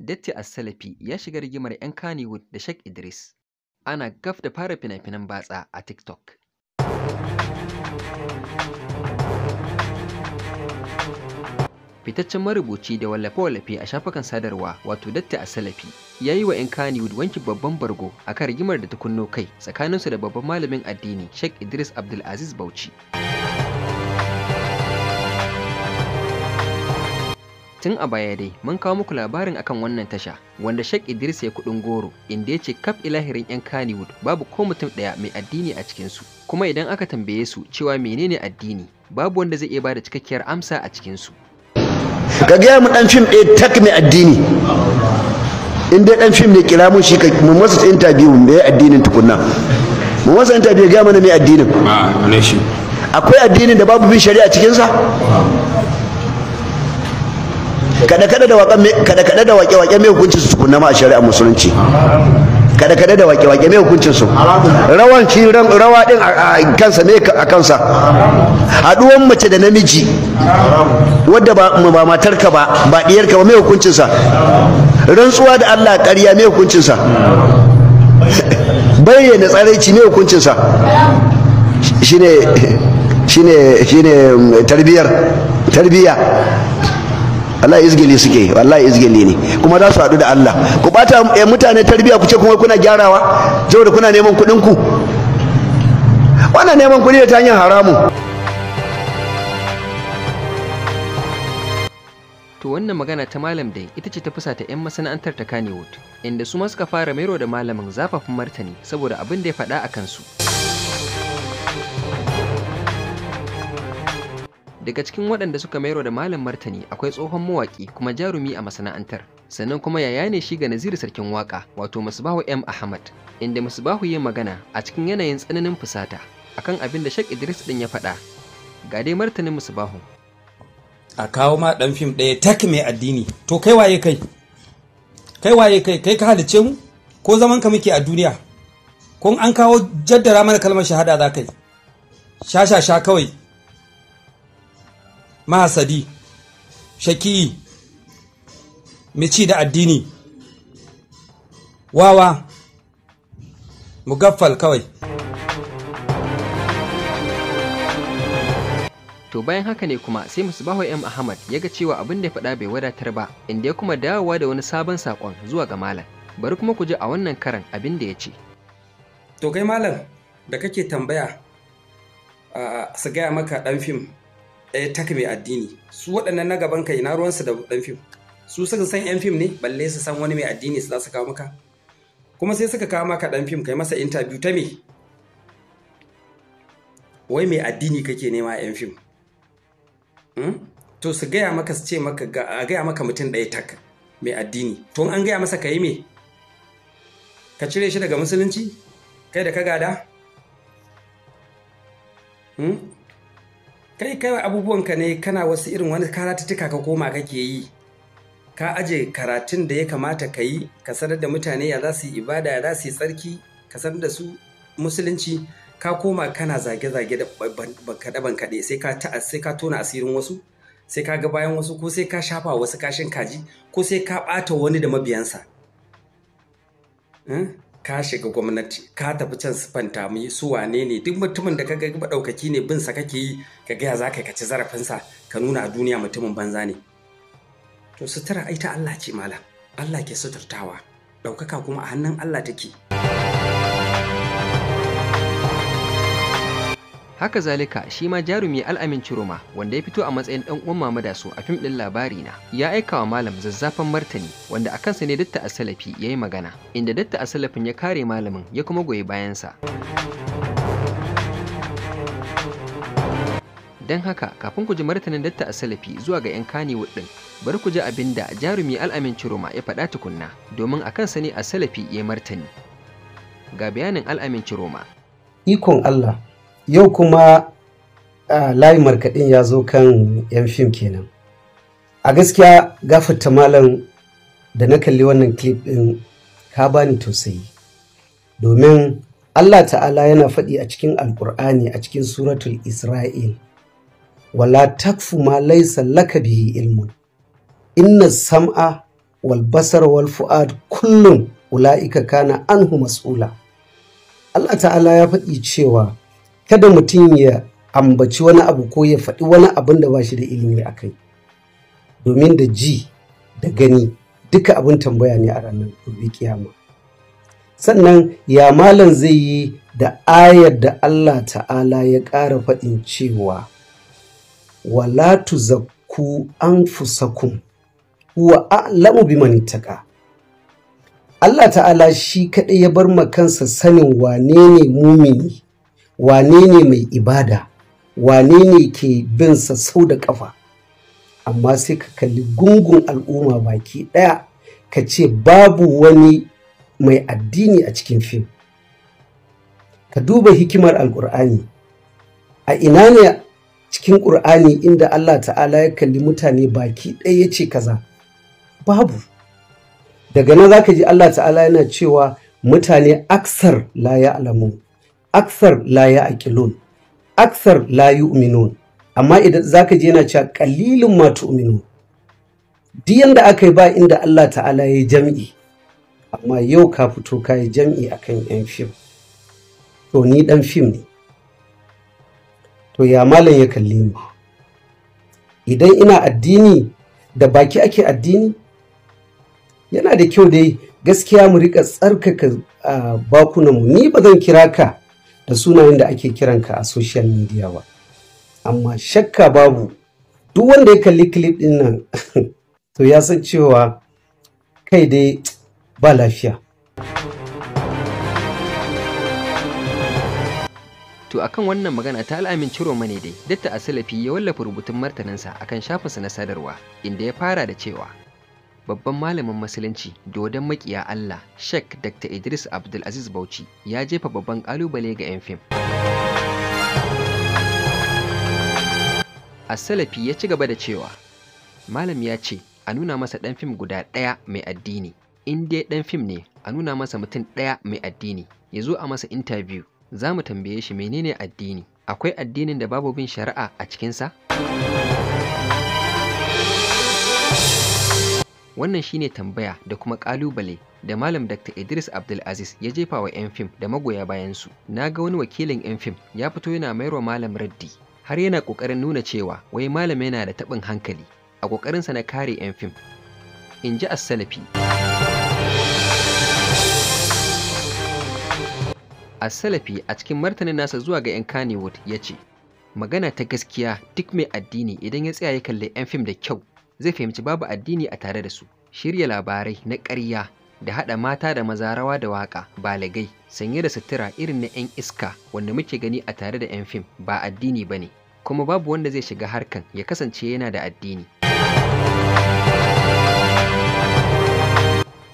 Datti a salafi ya shiga rigimar 'yan Kannywood da Sheikh Idris. Ana gaf da fara fina-finan batsa a TikTok. Fitaccen marubuci da wallafe-wallafe a shafukan sadarwa wato Datti a salafi ya yi wa 'yan Kannywood wanki babban bargo a kan rigimar da ta kai tsakaninsu da babban malamin addini Sheikh Idris Abdulaziz Bauchi. Tun a baya dai mun kawo muku labarin akan wannan tasha wanda Sheikh Idris ya kudin goro inda ya ce kaf ilahirin 'yan kaniwood babu ko mutum ɗaya mai addini a cikinsu. Kuma idan aka tambaye su cewa menene addini babu wanda zai iya bada cikakkiyar amsa a cikinsu. Ka gaya mu ɗan fim ɗaya tak mai addini. In dai ɗan fim ne kira mun shi ka mu masa interview me addinin tukunna. Mu masa interview ga mana mai addinin. Ah, Akwai addinin da babu bin shari'a cikinsa? kada kada da waƙe kada kada da waƙe waƙe mai hukuncin su kunna ma a shari'a musulunci kada kada da waƙe waƙe mai hukuncin su rawan rawa din a kansa ne a kansa haduwan mace da namiji wadda ba matarka ba ba diyarka ba mai hukuncin sa rantsuwa da Allah ƙarya mai hukuncin sa bayyana tsaraici mai hukuncin sa shine shine shine um, tarbiyar tarbiya. wallahi izgili suke wallahi izgili ne kuma za su haɗu da Allah ku bata eh, mutane tarbiya ku ce kuma kuna gyarawa saboda kuna neman kuɗin ku wannan neman kuɗi ta hanyar haramu? to wannan magana ta malam dai ita ce ta fusata 'yan masana'antar ta kanewood inda su ma suka fara mairo da malamin zafafin martani saboda abin da ya faɗa a kansu. daga cikin waɗanda suka mayar da malam martani akwai tsohon mawaƙi kuma jarumi a masana'antar sannan kuma yaya ne shi ga naziri sarkin waƙa wato musbahu m ahmad inda musbahu ya magana a cikin yanayin tsananin fusata akan abin da shek idris din ya faɗa ga dai martanin musbahu a kawo ma ɗan fim ɗaya tak mai addini to kai waye kai kai waye kai kai ka halice mu ko zaman ka muke a duniya kun an kawo jaddara mana kalmar shahada za kai sha sha kawai masadi shaki mici da addini wawa mugaffal kawai to bayan haka ne kuma sai musbahu m ahmad ya ga cewa abin da ya faɗa bai wadatar ba inda ya kuma dawowa da wani sabon saƙon zuwa ga malam bari kuma ku ji a wannan karan abin da ya ce to kai malam da kake tambaya su gaya maka ɗan fim Eh, taka mai addini su waɗannan na gaban ka ina ruwansu da ɗan fim su suka san yan fim ne balle su san wani mai addini su za su kawo maka kuma sai suka kawo maka ɗan fim kai masa interview ta me wai mai addini kake nema yan fim hmm? to su gaya maka su ce maka a gaya maka mutum ɗaya tak mai addini to an gaya masa ka yi me ka cire shi daga musulunci kai da ka gada hmm? kai abubuwan abubuwanka ne kana wasu irin wani karatuttuka ka koma kake yi ka aje karatun da ya kamata ka yi ka sanar da mutane ya za su yi ibada ya za su yi tsarki ka sanar da su musulunci ka koma kana zage-zage da bankaɗe-bankaɗe sai ka sai ka tona asirin wasu sai ka ga bayan wasu ko sai ka shafa wasu kashin kaji ko sai ka ɓata wani da mabiyansa hmm? ka shiga gwamnati ka tafi can sifanta mu su wane ne duk mutumin da kaga maɗaukaki ne bin sa kake yi ka gaya za ka ci sa ka nuna a duniya mutumin banza ne to sutura ai Allah ce malam Allah ke suturtawa ɗaukaka kuma a hannun Allah take haka zalika shi ma jarumi al'amin ciroma wanda ya fito a matsayin dan uwan mama da su a fim ɗin labari na ya aika wa malam zazzafan martani wanda a kansa ne datta asalafi ya yi magana inda datta asalafin ya kare malamin ya kuma goyi bayansa don haka kafin ku ji martanin datta asalafi zuwa ga 'yan kani din bari ku ji abin da jarumi al'amin ciroma ya faɗa tukunna domin a kansa ne asalafi ya yi martani ga bayanin al'amin ciroma ikon allah yau kuma layin markaɗin ya zo kan 'yan fim kenan a gaskiya gafata malam da na kalli wannan clip ɗin ka bani tausayi domin allah ta'ala yana faɗi a cikin Alƙur'ani a cikin suratul isra'il wala takfu ma laisa laka bihi ilmun inna sam'a wal basar wal fu'ad kullum ula'ika kana anhu mas'ula allah ta'ala ya faɗi cewa kada mutum ya ambaci wani abu ko ya faɗi wani abin da ba shi da ilimi a kai domin da ji da gani duka abin tambaya ne a ranar gobe kiyama sannan ya malam zai yi da ayar da Allah ta'ala ya ƙara faɗin cewa wala an fusakun wa a'lamu bi ittaqa Allah ta'ala shi kaɗai ya bar ma kansa sanin wane ne mumini wane ne mai ibada wane ne ke bin sa sau da ƙafa amma sai ka kalli gungun al'umma baki ɗaya ka ce babu wani mai addini a cikin fim ka duba hikimar alƙur'ani a ina ne cikin ƙur'ani inda Allah ta'ala ya kalli mutane baki ɗaya ya ce kaza babu daga nan za ka ji Allah ta'ala yana cewa mutane aksar la ya alamu aksar la ya'qilun aksar la yu'minun amma idan zaka je yana cewa qalilun matu tu'minun Diyan da aka yi ba inda Allah ta'ala ya jam'i amma yau ka fito ka yi jam'i akan yan fim to ni dan fim ne to ya malam ya kalli ni idan ina addini da baki ake addini yana da kyau dai gaskiya mu rika tsarkaka ah, bakunanmu ni ba zan kira ka da sunayen da ake kiranka a social media ba amma shakka babu duk wanda ya kalli clip din nan to ya san cewa kai dai ba lafiya To akan wannan magana ta al'amin ciro mane dai, datta asalafi ya wallafa rubutun martaninsa akan shafinsa na sadarwa, inda ya fara da cewa babban malamin musulunci dodon makiya Allah Sheikh Dr. Idris Abdul Aziz Bauchi ya jefa babban kalubale ga 'yan fim. Asalafi ya ci gaba da cewa malam ya ce a nuna masa ɗan fim guda ɗaya mai addini in dai ɗan fim ne a nuna masa mutum ɗaya mai addini ya zo a masa intabiyu za mu tambaye shi menene addini akwai addinin da babu bin shari'a a cikinsa? Wannan shine tambaya da kuma ƙalubale da Malam Dr. Idris Abdulaziz ya jefa wa 'yan fim da magoya bayansu. Na ga wani wakilin 'yan fim ya fito yana mayar wa Malam raddi, har yana ƙoƙarin nuna cewa wai Malam yana da taɓin hankali a ƙoƙarinsa na kare 'yan fim. In ji Assalafi. salafi. a cikin martanin nasa zuwa ga 'yan Kannywood ya ce, Magana ta gaskiya duk mai addini idan ya tsaya ya kalli 'yan fim da kyau zai fahimci babu addini a tare da su shirya labarai na ƙarya da haɗa mata da maza rawa da waƙa balagai sanye da sutura irin na 'yan iska wanda muke gani a tare da 'yan fim ba addini ba ne kuma babu wanda zai shiga harkan ya kasance yana da addini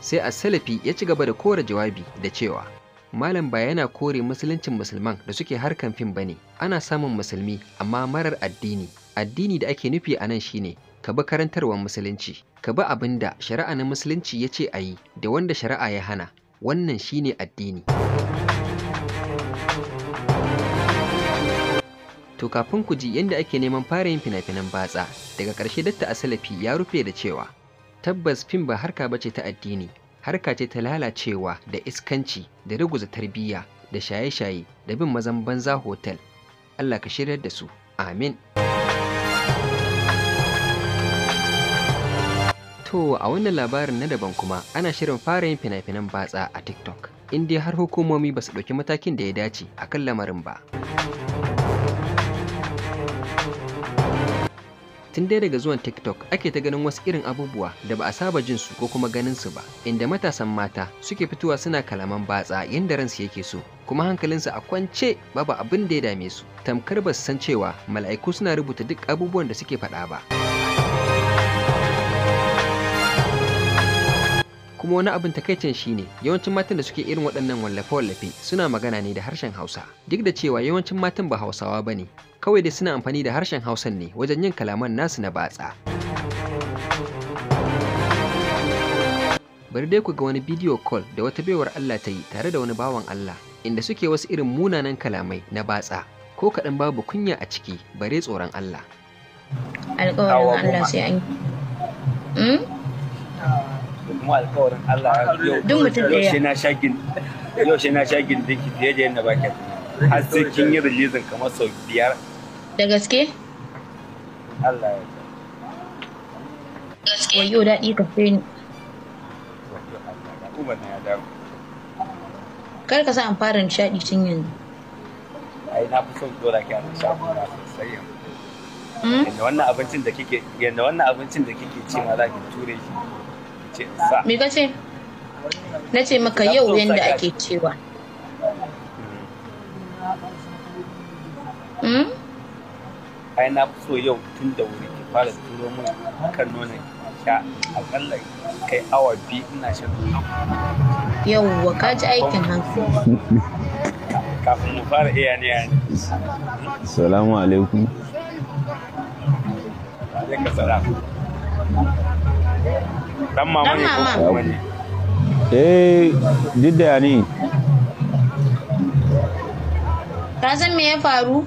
sai a salafi ya ci gaba da kora jawabi da cewa malam ba yana kore musuluncin musulman da suke harkan fim ba ne ana samun musulmi amma marar addini addini da ake nufi a nan shine ka bi karantarwar musulunci ka bi abin da shari'a na musulunci ya ce a yi da wanda shari'a ya hana wannan shine addini to kafin ku ji yadda ake neman fara yin fina-finan batsa daga ƙarshe datta a asalafi ya rufe da cewa tabbas fim ba harka ba ce ta addini harka ce ta lalacewa da iskanci da ruguza tarbiyya da shaye-shaye da bin mazan banza hotel Allah ka shirya da su amin To a wannan labarin na daban kuma ana shirin fara yin fina-finan batsa a TikTok. In dai har hukumomi ba su ɗauki matakin da ya dace a kan lamarin ba. Tun dai daga zuwan TikTok ake ta ganin wasu irin abubuwa da ba a saba jin su ko kuma ganin su ba, inda matasan mata suke fitowa suna kalaman batsa yadda ransu yake so, kuma hankalinsu a kwance babu abin da ya dame su, tamkar ba su san cewa mala'iku suna rubuta duk abubuwan da suke faɗa ba. kuma wani abin takaicin shi ne, yawancin matan da suke irin waɗannan wallafe-wallafe suna magana ne da harshen Hausa duk da cewa yawancin matan ba Hausawa bane kawai dai suna amfani da harshen Hausan ne wajen yin kalaman nasu na batsa bari dai ku ga wani bidiyo call da wata baiwar Allah ta yi tare da wani bawan Allah inda suke wasu irin munanan kalamai na batsa ko kaɗan babu kunya a ciki bare tsoron Allah alƙawarin Allah sai an kuma alkawarin Allah na sha gin na sha gin dinki fiye da yadda baki? har sai kin yi kamar sau biyar da gaske Allah ya gaske yau daɗi ka fi ni kar ka sa an fara nishaɗi tun yanzu ai na fi son dora ki a nishaɗi na sosai yanzu hmm? yadda wannan abincin da kike ci ma za ki ture shi jinsa me kace na ce maka yau yadda ake cewa hmm. Hmm? ai na fi so yau tun da wuri ki fara turo min kan nuna sha akalla kai awa biyu ina shan nono yauwa ka ji aikin hankali. kafin mu fara iya ne ya ne salamu alaikum alaikum salam dan mama ne ko kuma ne eh didda ne ka san me ya faru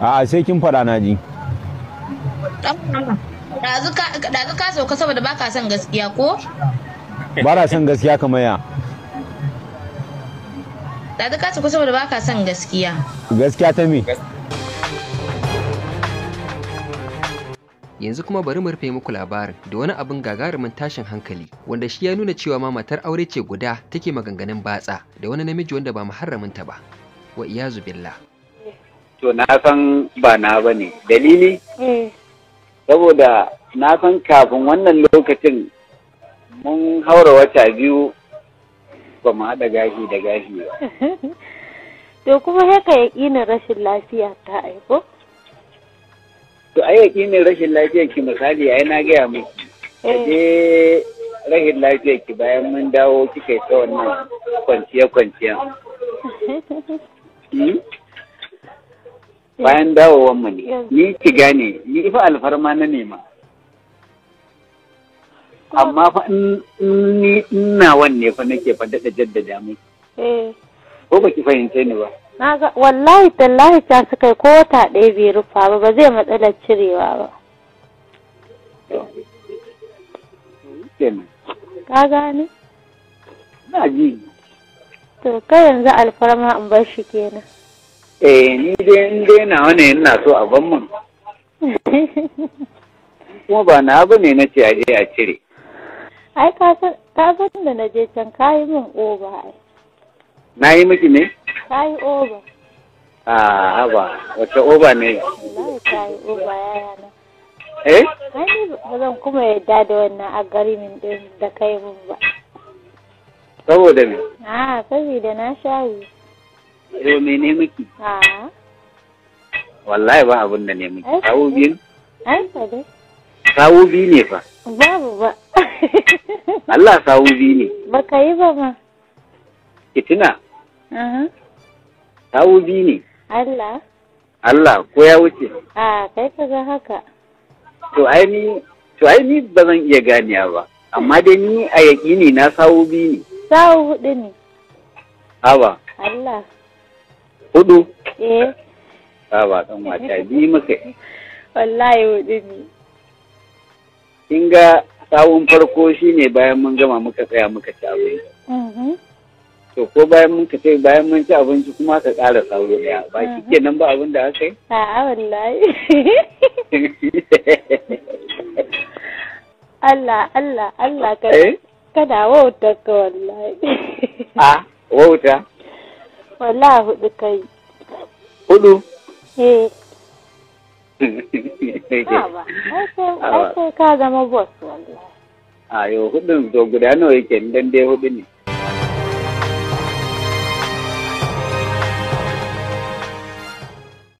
a'a sai kin faɗa na ji ɗazu ka sauka saboda baka ka son gaskiya ko ba na son gaskiya kamar ya ɗazu ka sauka saboda baka ka son gaskiya gaskiya ta me yanzu kuma bari mu rufe muku labarin da wani abin gagarumin tashin hankali wanda shi ya nuna cewa ma matar aure ce guda take maganganun batsa da wani namiji wanda ba ta ba wa iyazu billah to na san ba na bane dalili eh. saboda na san kafin wannan lokacin mun haura wata biyu ba mu haɗa gashi da gashi ba to kuma haka ya rashin lafiya ta aiko to ai ne rashin lafiyar ki misali ai na gaya mu eh. je rashin lafiyar ki bayan mun dawo kika ta wannan kwanciya kwanciya hmm? bayan dawo mu ne ni ki gane ni fa alfarma na nema amma fa ni ina wanne fa nake fa daɗa jaddada mu eh. ko ba ki fahimce ni ba ga wallahi tallahi ta su kai ko wata ɗaya bai rufa ba ba zai matsalar cirewa ba ka gane na ji to kai yanzu alfarma in bar shi kenan eh ni dai in dai na wani ina so a ban mun kuma ba na ba ne na ce a je a cire ai ka san da na je can ka yi min oba ai na yi miki ne Ta oba. Ah, haba, wacce oba ne? Wallahi oba yana. Eh? Ai, ba zan kuma yadda da wannan a gari min din da kai mun ba. Saboda me? A, ah, saboda na shayi. Yo me ne miki? Ah. Wallahi ba abin da ne miki. Sawu biyu? Ai, fa dai. Sawu biyu ne fa. Babu ba. Allah sawu biyu ne. Ba ka yi ba ma. Kitina? Uh -huh. Sawu biyu ne. Allah. Allah ko ya wuce? A kai ka ga haka. To ai ni to ai ni ba zan iya ganiya ba. Amma dai ni a yaƙini na sawu biyu ne. Sawu hudu ne. Aba. Allah. Hudu? Eh. Aba ɗan wata biyu muka yi. Wallahi hudu ne. Kin ga sawun farko shine bayan mun gama muka tsaya muka ci abinci. Mhm. to ko bayan mun ka sai bayan mun ci abinci kuma ka ƙara sauro daya ba shi kenan ba abin da aka yi a'a wallahi Allah Allah Allah ka eh? kada wauta ka wallahi a wauta wallahi hudu kai hudu eh ka zama boss wallahi a yau hudun to guda nawa yake dan dai hudu ne